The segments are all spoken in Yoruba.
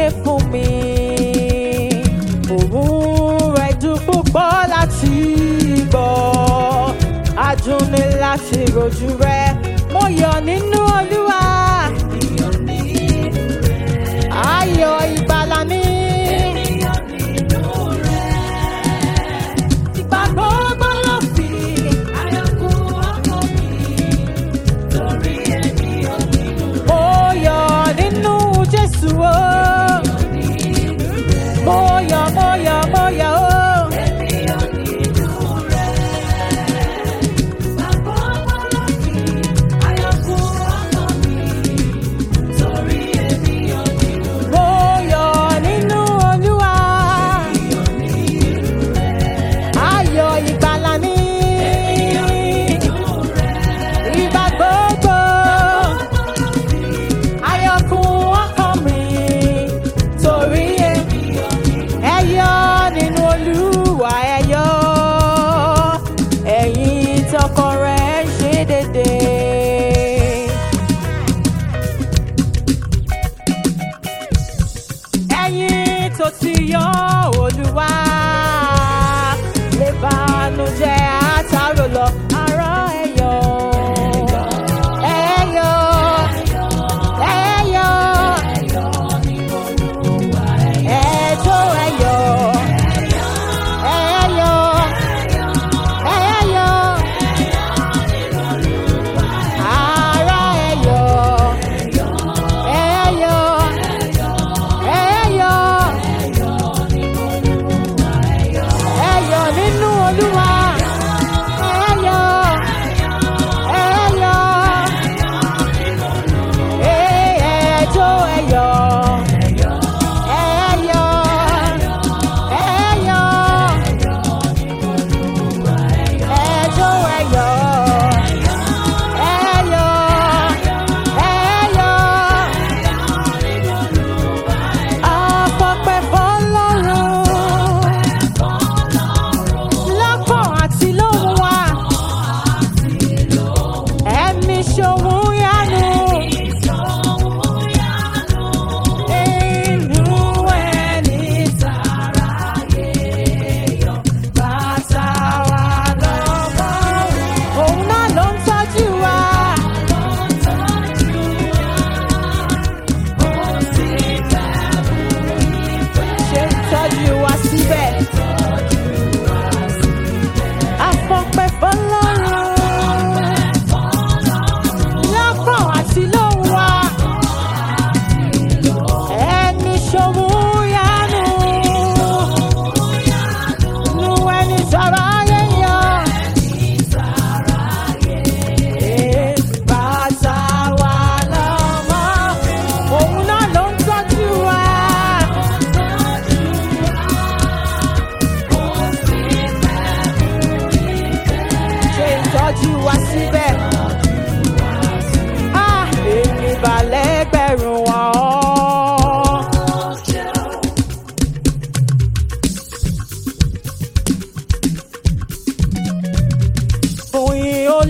ayé fún mi òun rẹ̀ dùn púpọ̀ láti gbọ́ adùn ni láti rojú rẹ̀ mo yọ̀ nínú Olúwa ayọ̀ ìgbà.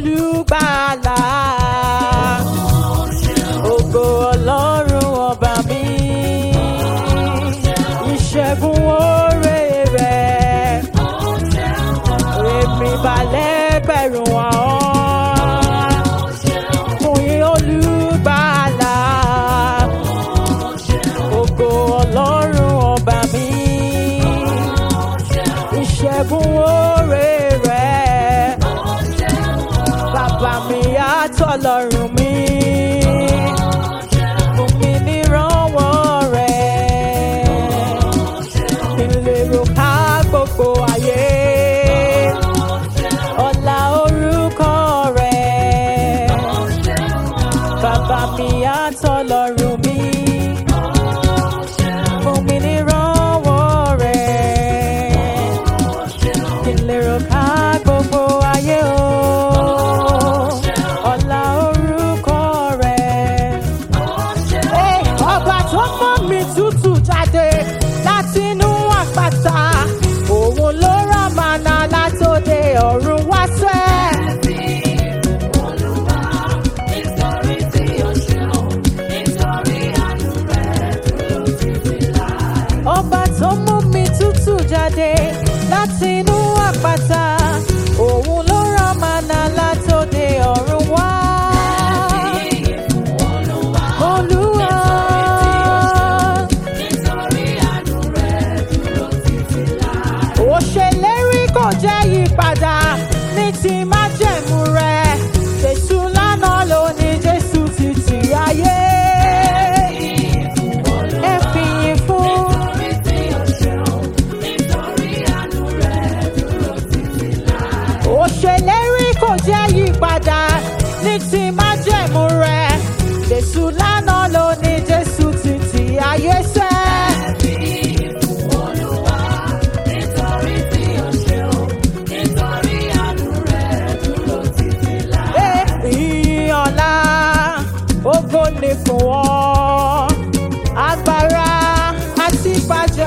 àlùbà.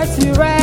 to rag.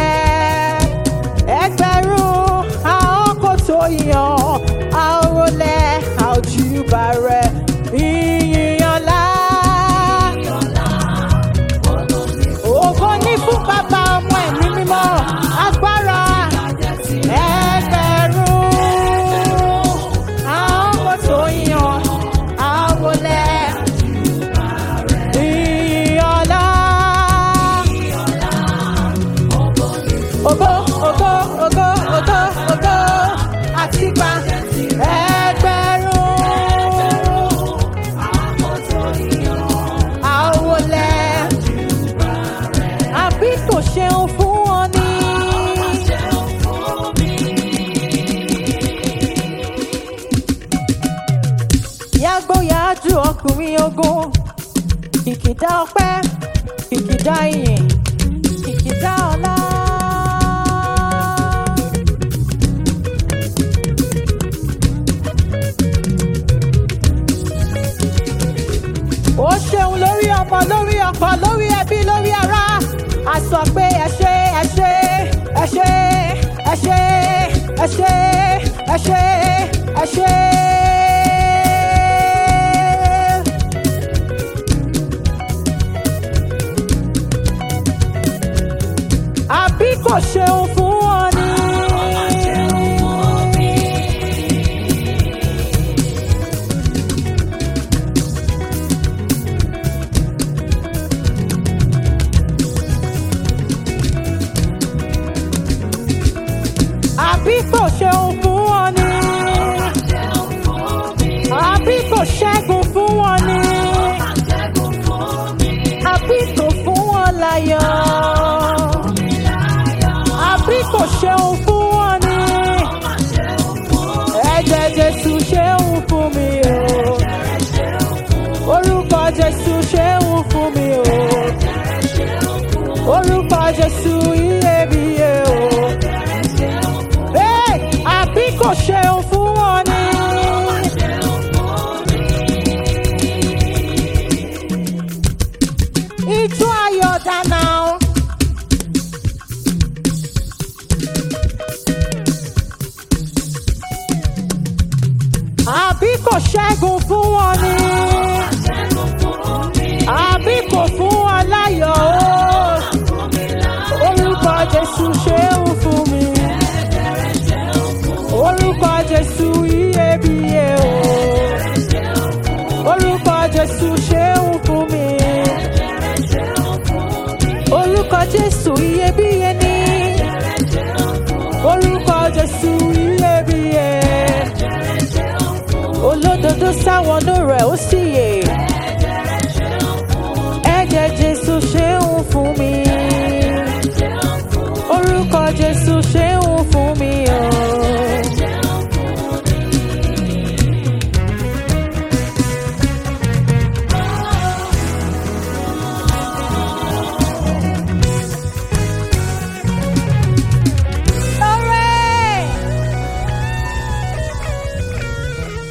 a sọ pé ẹ ṣe ẹ ṣe ẹ ṣe ẹ ṣe ẹ ṣe ẹ ṣe ẹ ṣe. àbí kò ṣeun fún. kò ṣeun fún ọ ni àbí kò ṣẹ́gun. shelf. jésù sáwọnú rẹ̀ ó sì yè ẹ̀jẹ̀ jésù ṣéun fún mi orúkọ jésù ṣéun fún mi o.